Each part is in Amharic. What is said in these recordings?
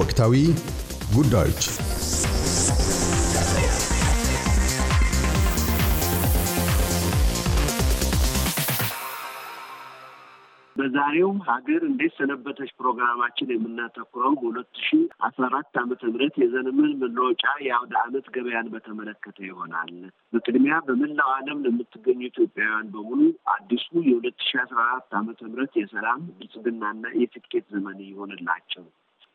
ወቅታዊ ጉዳዮች በዛሬው ሀገር እንዴት ሰነበተች ፕሮግራማችን የምናተኩረው በሁለት ሺ አስራ አራት አመተ ምህረት የዘመን መለወጫ የአውደ አመት ገበያን በተመለከተ ይሆናል። በቅድሚያ በመላው ዓለም ለምትገኙ ኢትዮጵያውያን በሙሉ አዲሱ የሁለት ሺ አስራ አራት አመተ ምህረት የሰላም ብልጽግናና የስኬት ዘመን ይሆንላቸው።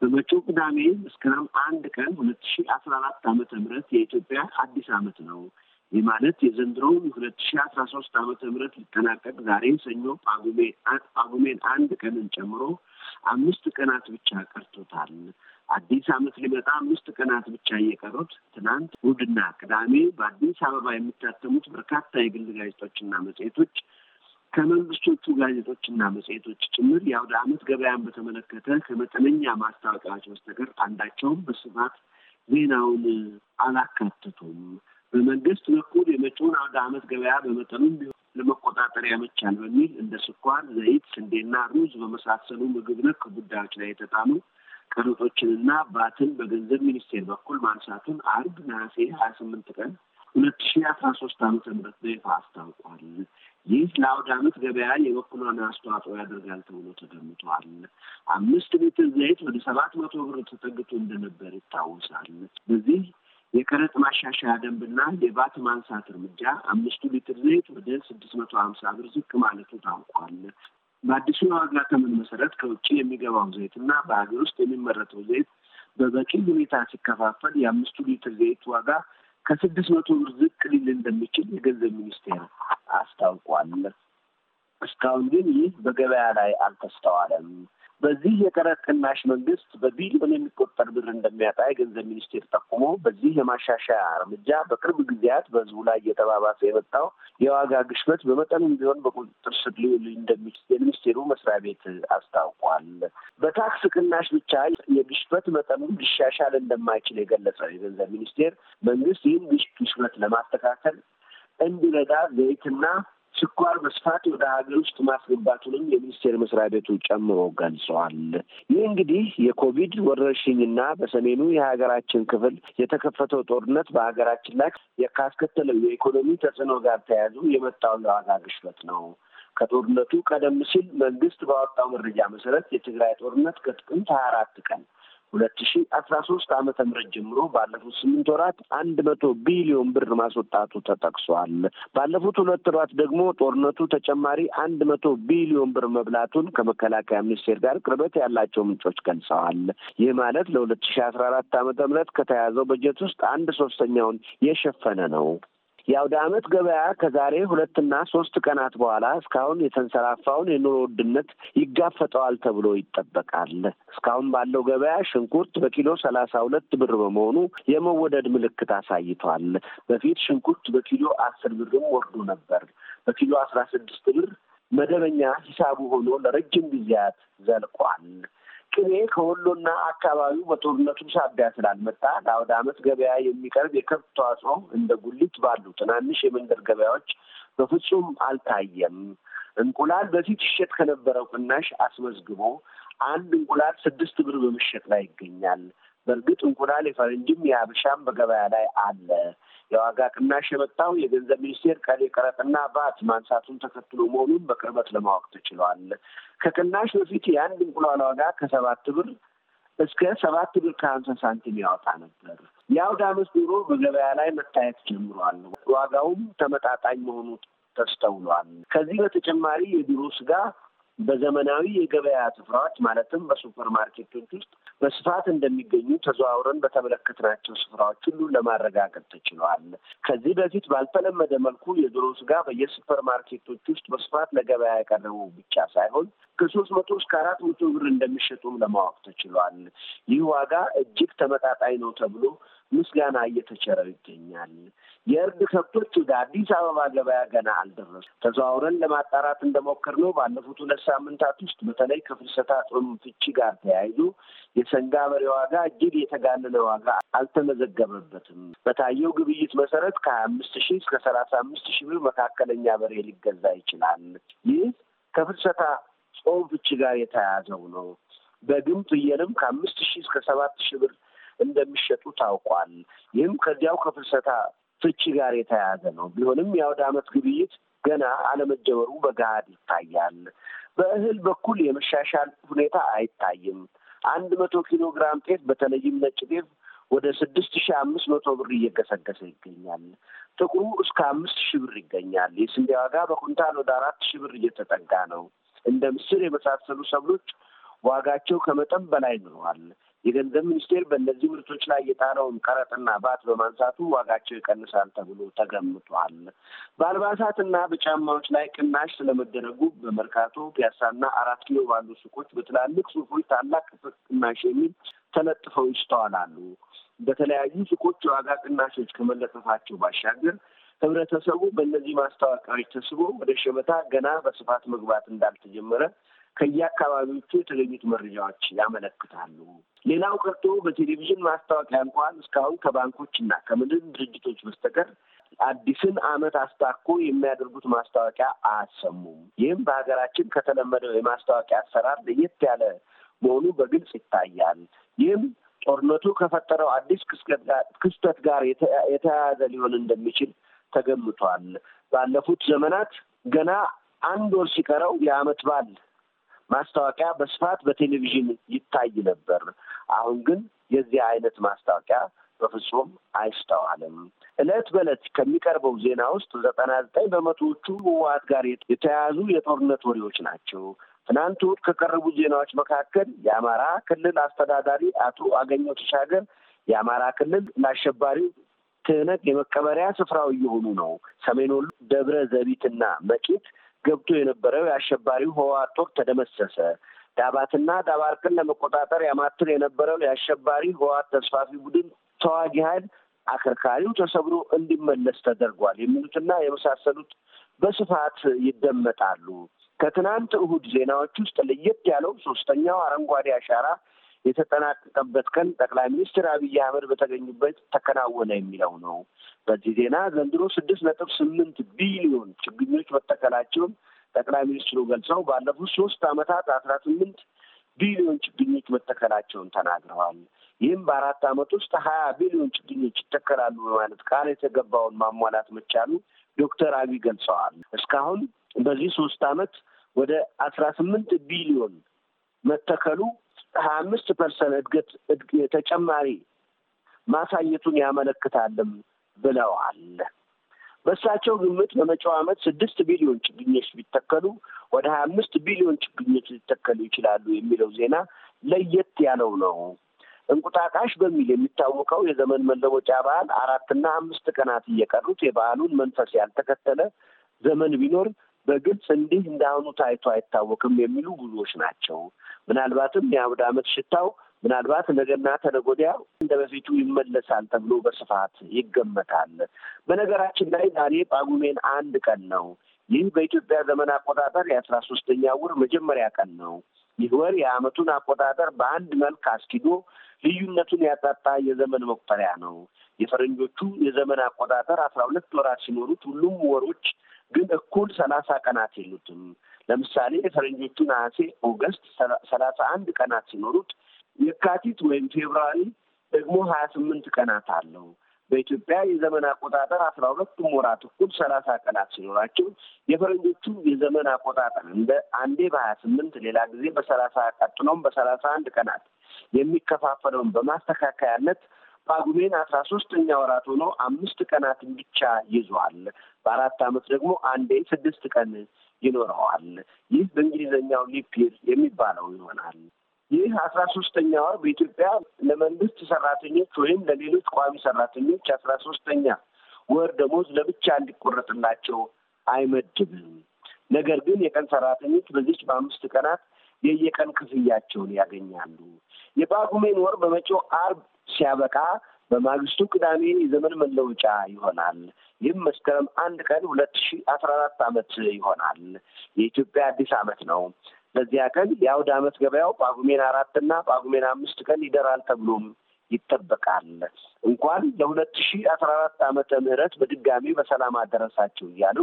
በመጪው ቅዳሜ መስከረም አንድ ቀን ሁለት ሺ አስራ አራት ዓመተ ምህረት የኢትዮጵያ አዲስ ዓመት ነው። ይህ ማለት የዘንድሮውን ሁለት ሺ አስራ ሶስት ዓመተ ምህረት ሊጠናቀቅ ዛሬ ሰኞ ጳጉሜን አንድ ቀንን ጨምሮ አምስት ቀናት ብቻ ቀርቶታል። አዲስ ዓመት ሊመጣ አምስት ቀናት ብቻ እየቀሩት ትናንት እሑድና ቅዳሜ በአዲስ አበባ የሚታተሙት በርካታ የግል ጋዜጦችና መጽሔቶች ከመንግስቶቹ ጋዜጦችና መጽሔቶች ጭምር የአውደ ዓመት ገበያን በተመለከተ ከመጠነኛ ማስታወቂያዎች በስተቀር አንዳቸውም በስፋት ዜናውን አላካተቱም። በመንግስት በኩል የመጪውን አውደ ዓመት ገበያ በመጠኑም ቢሆን ለመቆጣጠር ያመቻል በሚል እንደ ስኳር፣ ዘይት፣ ስንዴና ሩዝ በመሳሰሉ ምግብ ነክ ጉዳዮች ላይ የተጣሉ ቀረጦችንና ባትን በገንዘብ ሚኒስቴር በኩል ማንሳቱን አርብ ነሐሴ ሀያ ስምንት ቀን ሁለት ሺ አስራ ሶስት አመተ ምህረት በይፋ አስታውቋል። ይህ ለአውደ ዓመት ገበያ የበኩሏን አስተዋጽኦ ያደርጋል ተብሎ ተገምቷል። አምስት ሊትር ዘይት ወደ ሰባት መቶ ብር ተጠግቶ እንደነበር ይታወሳል። በዚህ የቀረጥ ማሻሻያ ደንብና የባት ማንሳት እርምጃ አምስቱ ሊትር ዘይት ወደ ስድስት መቶ ሀምሳ ብር ዝቅ ማለቱ ታውቋል። በአዲሱ የዋጋ ተመን መሰረት ከውጭ የሚገባው ዘይትና በሀገር ውስጥ የሚመረተው ዘይት በበቂ ሁኔታ ሲከፋፈል የአምስቱ ሊትር ዘይት ዋጋ ከስድስት መቶ ብር ዝቅ ሊል እንደሚችል የገንዘብ ሚኒስቴር አስታውቋል። እስካሁን ግን ይህ በገበያ ላይ አልተስተዋለም። በዚህ የቀረጥ ቅናሽ መንግስት በቢሊዮን የሚቆጠር ብር እንደሚያጣ የገንዘብ ሚኒስቴር ጠቁሞ በዚህ የማሻሻያ እርምጃ በቅርብ ጊዜያት በህዝቡ ላይ እየተባባሰ የመጣው የዋጋ ግሽበት በመጠኑም ቢሆን በቁጥጥር ስር ሊውል እንደሚችል የሚኒስቴሩ መስሪያ ቤት አስታውቋል። በታክስ ቅናሽ ብቻ የግሽበት መጠኑ ሊሻሻል እንደማይችል የገለጸው የገንዘብ ሚኒስቴር መንግስት ይህን ግሽበት ለማስተካከል እንዲረዳ ዘይትና ስኳር በስፋት ወደ ሀገር ውስጥ ማስገባቱንም የሚኒስቴር መስሪያ ቤቱ ጨምሮ ገልጸዋል። ይህ እንግዲህ የኮቪድ ወረርሽኝና በሰሜኑ የሀገራችን ክፍል የተከፈተው ጦርነት በሀገራችን ላይ ካስከተለው የኢኮኖሚ ተጽዕኖ ጋር ተያይዞ የመጣው የዋጋ ግሽበት ነው። ከጦርነቱ ቀደም ሲል መንግስት ባወጣው መረጃ መሰረት የትግራይ ጦርነት ከጥቅምት ሀያ አራት ቀን ሁለት ሺ አስራ ሶስት አመተ ምህረት ጀምሮ ባለፉት ስምንት ወራት አንድ መቶ ቢሊዮን ብር ማስወጣቱ ተጠቅሷል። ባለፉት ሁለት ወራት ደግሞ ጦርነቱ ተጨማሪ አንድ መቶ ቢሊዮን ብር መብላቱን ከመከላከያ ሚኒስቴር ጋር ቅርበት ያላቸው ምንጮች ገልጸዋል። ይህ ማለት ለሁለት ሺ አስራ አራት አመተ ምህረት ከተያዘው በጀት ውስጥ አንድ ሶስተኛውን የሸፈነ ነው። የአውደ ዓመት ገበያ ከዛሬ ሁለትና ሶስት ቀናት በኋላ እስካሁን የተንሰራፋውን የኑሮ ውድነት ይጋፈጠዋል ተብሎ ይጠበቃል። እስካሁን ባለው ገበያ ሽንኩርት በኪሎ ሰላሳ ሁለት ብር በመሆኑ የመወደድ ምልክት አሳይቷል። በፊት ሽንኩርት በኪሎ አስር ብርም ወርዶ ነበር። በኪሎ አስራ ስድስት ብር መደበኛ ሂሳቡ ሆኖ ለረጅም ጊዜያት ዘልቋል። ቅቤ ከወሎና አካባቢው በጦርነቱ ሳቢያ ስላልመጣ ለአውደ ዓመት ገበያ የሚቀርብ የከብት ተዋጽኦ እንደ ጉሊት ባሉ ትናንሽ የመንደር ገበያዎች በፍጹም አልታየም። እንቁላል በፊት ይሸጥ ከነበረው ቅናሽ አስመዝግቦ አንድ እንቁላል ስድስት ብር በመሸጥ ላይ ይገኛል። በእርግጥ እንቁላል የፈረንጅም የሀበሻም በገበያ ላይ አለ። የዋጋ ቅናሽ የመጣው የገንዘብ ሚኒስቴር ቀሪ ቀረጥና ባት ማንሳቱን ተከትሎ መሆኑን በቅርበት ለማወቅ ተችሏል። ከቅናሽ በፊት የአንድ እንቁላል ዋጋ ከሰባት ብር እስከ ሰባት ብር ከሀምሳ ሳንቲም ያወጣ ነበር። የአውደ ዓመት ዶሮ በገበያ ላይ መታየት ጀምሯል። ዋጋውም ተመጣጣኝ መሆኑ ተስተውሏል። ከዚህ በተጨማሪ የዶሮ ስጋ በዘመናዊ የገበያ ስፍራዎች ማለትም በሱፐር ማርኬቶች ውስጥ በስፋት እንደሚገኙ ተዘዋውረን በተመለከትናቸው ስፍራዎች ሁሉ ለማረጋገጥ ተችሏል። ከዚህ በፊት ባልተለመደ መልኩ የዶሮ ስጋ በየሱፐር ማርኬቶች ውስጥ በስፋት ለገበያ የቀረቡ ብቻ ሳይሆን ከሶስት መቶ እስከ አራት መቶ ብር እንደሚሸጡም ለማወቅ ተችሏል። ይህ ዋጋ እጅግ ተመጣጣኝ ነው ተብሎ ምስጋና እየተቸረው ይገኛል። የእርድ ከብቶች ወደ አዲስ አበባ ገበያ ገና አልደረሱ። ተዘዋውረን ለማጣራት እንደሞከርነው ባለፉት ሁለት ሳምንታት ውስጥ በተለይ ከፍልሰታ ጥም ፍቺ ጋር ተያይዞ የሰንጋ በሬ ዋጋ እጅግ የተጋነነ ዋጋ አልተመዘገበበትም። በታየው ግብይት መሰረት ከሀያ አምስት ሺህ እስከ ሰላሳ አምስት ሺህ ብር መካከለኛ በሬ ሊገዛ ይችላል። ይህ ከፍልሰታ ጾም ፍቺ ጋር የተያያዘው ነው። በግም ፍየልም ከአምስት ሺህ እስከ ሰባት ሺህ ብር እንደሚሸጡ ታውቋል። ይህም ከዚያው ከፍልሰታ ፍቺ ጋር የተያያዘ ነው። ቢሆንም የአውደ ዓመት ግብይት ገና አለመጀመሩ በገሃድ ይታያል። በእህል በኩል የመሻሻል ሁኔታ አይታይም። አንድ መቶ ኪሎ ግራም ጤፍ በተለይም ነጭ ጤፍ ወደ ስድስት ሺ አምስት መቶ ብር እየገሰገሰ ይገኛል። ጥቁሩ እስከ አምስት ሺ ብር ይገኛል። የስንዴ ዋጋ በኩንታል ወደ አራት ሺ ብር እየተጠጋ ነው። እንደ ምስር የመሳሰሉ ሰብሎች ዋጋቸው ከመጠን በላይ ኑሯል። የገንዘብ ሚኒስቴር በእነዚህ ምርቶች ላይ የጣለውን ቀረጥና ባት በማንሳቱ ዋጋቸው ይቀንሳል ተብሎ ተገምቷል። በአልባሳትና በጫማዎች ላይ ቅናሽ ስለመደረጉ በመርካቶ ፒያሳና አራት ኪሎ ባሉ ሱቆች በትላልቅ ጽሑፎች ታላቅ ቅናሽ የሚል ተለጥፈው ይስተዋላሉ። በተለያዩ ሱቆች የዋጋ ቅናሾች ከመለጠፋቸው ባሻገር ህብረተሰቡ በእነዚህ ማስታወቂያዎች ተስቦ ወደ ሸመታ ገና በስፋት መግባት እንዳልተጀመረ ከየአካባቢዎቹ የተገኙት መረጃዎች ያመለክታሉ። ሌላው ቀርቶ በቴሌቪዥን ማስታወቂያ እንኳን እስካሁን ከባንኮች እና ከምድር ድርጅቶች በስተቀር አዲስን ዓመት አስታኮ የሚያደርጉት ማስታወቂያ አያሰሙም። ይህም በሀገራችን ከተለመደው የማስታወቂያ አሰራር ለየት ያለ መሆኑ በግልጽ ይታያል። ይህም ጦርነቱ ከፈጠረው አዲስ ክስተት ጋር የተያያዘ ሊሆን እንደሚችል ተገምቷል። ባለፉት ዘመናት ገና አንድ ወር ሲቀረው የዓመት በዓል ማስታወቂያ በስፋት በቴሌቪዥን ይታይ ነበር። አሁን ግን የዚህ አይነት ማስታወቂያ በፍጹም አይስተዋልም። እለት በዕለት ከሚቀርበው ዜና ውስጥ ዘጠና ዘጠኝ በመቶዎቹ ህወሓት ጋር የተያያዙ የጦርነት ወሬዎች ናቸው። ትናንት እሑድ ከቀረቡ ዜናዎች መካከል የአማራ ክልል አስተዳዳሪ አቶ አገኘሁ ተሻገር የአማራ ክልል ለአሸባሪው ትህነግ የመቀበሪያ ስፍራው እየሆኑ ነው፣ ሰሜን ወሎ ደብረ ዘቢትና መቄት ገብቶ የነበረው የአሸባሪው ህወሓት ጦር ተደመሰሰ። ዳባትና ዳባርቅን ለመቆጣጠር ያማትር የነበረው የአሸባሪ ህወሓት ተስፋፊ ቡድን ተዋጊ ኃይል አከርካሪው ተሰብሮ እንዲመለስ ተደርጓል የሚሉትና የመሳሰሉት በስፋት ይደመጣሉ። ከትናንት እሁድ ዜናዎች ውስጥ ለየት ያለው ሶስተኛው አረንጓዴ አሻራ የተጠናቀቀበት ቀን ጠቅላይ ሚኒስትር አብይ አህመድ በተገኙበት ተከናወነ የሚለው ነው። በዚህ ዜና ዘንድሮ ስድስት ነጥብ ስምንት ቢሊዮን መቀጠላቸውን ጠቅላይ ሚኒስትሩ ገልጸው ባለፉት ሶስት አመታት አስራ ስምንት ቢሊዮን ችግኞች መተከላቸውን ተናግረዋል። ይህም በአራት አመት ውስጥ ሀያ ቢሊዮን ችግኞች ይተከላሉ በማለት ቃል የተገባውን ማሟላት መቻሉ ዶክተር አብይ ገልጸዋል። እስካሁን በዚህ ሶስት አመት ወደ አስራ ስምንት ቢሊዮን መተከሉ ሀያ አምስት ፐርሰንት እድገት ተጨማሪ ማሳየቱን ያመለክታልም ብለዋል። በእሳቸው ግምት በመጪው ዓመት ስድስት ቢሊዮን ችግኞች ቢተከሉ ወደ ሀያ አምስት ቢሊዮን ችግኞች ሊተከሉ ይችላሉ የሚለው ዜና ለየት ያለው ነው። እንቁጣጣሽ በሚል የሚታወቀው የዘመን መለወጫ በዓል አራትና አምስት ቀናት እየቀሩት የበዓሉን መንፈስ ያልተከተለ ዘመን ቢኖር በግልጽ እንዲህ እንዳሁኑ ታይቶ አይታወቅም የሚሉ ብዙዎች ናቸው። ምናልባትም የአውደ ዓመት ሽታው ምናልባት ነገና ተነጎዲያ እንደ በፊቱ ይመለሳል ተብሎ በስፋት ይገመታል። በነገራችን ላይ ዛሬ ጳጉሜን አንድ ቀን ነው። ይህ በኢትዮጵያ ዘመን አቆጣጠር የአስራ ሶስተኛ ወር መጀመሪያ ቀን ነው። ይህ ወር የአመቱን አቆጣጠር በአንድ መልክ አስኪዶ ልዩነቱን ያጣጣ የዘመን መቁጠሪያ ነው። የፈረንጆቹ የዘመን አቆጣጠር አስራ ሁለት ወራት ሲኖሩት ሁሉም ወሮች ግን እኩል ሰላሳ ቀናት የሉትም። ለምሳሌ የፈረንጆቹ ነሐሴ ኦገስት ሰላሳ አንድ ቀናት ሲኖሩት የካቲት ወይም ፌብራሪ ደግሞ ሀያ ስምንት ቀናት አለው። በኢትዮጵያ የዘመን አቆጣጠር አስራ ሁለቱም ወራት እኩል ሰላሳ ቀናት ሲኖራቸው የፈረንጆቹ የዘመን አቆጣጠር እንደ አንዴ በሀያ ስምንት ሌላ ጊዜ በሰላሳ ቀጥሎም በሰላሳ አንድ ቀናት የሚከፋፈለውን በማስተካከያነት ጳጉሜን አስራ ሶስተኛ ወራት ሆኖ አምስት ቀናትን ብቻ ይዟል። በአራት ዓመት ደግሞ አንዴ ስድስት ቀን ይኖረዋል። ይህ በእንግሊዝኛው ሊፕ ይር የሚባለው ይሆናል። ይህ አስራ ሶስተኛ ወር በኢትዮጵያ ለመንግስት ሰራተኞች ወይም ለሌሎች ቋሚ ሰራተኞች አስራ ሶስተኛ ወር ደሞዝ ለብቻ እንዲቆረጥላቸው አይመድብም። ነገር ግን የቀን ሰራተኞች በዚች በአምስት ቀናት የየቀን ክፍያቸውን ያገኛሉ። የጳጉሜን ወር በመጪው አርብ ሲያበቃ በማግስቱ ቅዳሜ የዘመን መለወጫ ይሆናል። ይህም መስከረም አንድ ቀን ሁለት ሺ አስራ አራት ዓመት ይሆናል። የኢትዮጵያ አዲስ ዓመት ነው። በዚያ ቀን የአውድ ዓመት ገበያው ጳጉሜን አራት እና ጳጉሜን አምስት ቀን ይደራል ተብሎም ይጠበቃል። እንኳን ለሁለት ሺ አስራ አራት አመተ ምህረት በድጋሚ በሰላም አደረሳችሁ እያሉ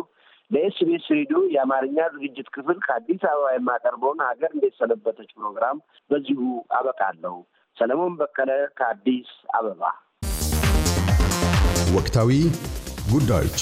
ለኤስቢኤስ ሬዲዮ የአማርኛ ዝግጅት ክፍል ከአዲስ አበባ የማቀርበውን ሀገር እንዴት ሰነበተች ፕሮግራም በዚሁ አበቃለሁ። ሰለሞን በቀለ ከአዲስ አበባ። ወቅታዊ ጉዳዮች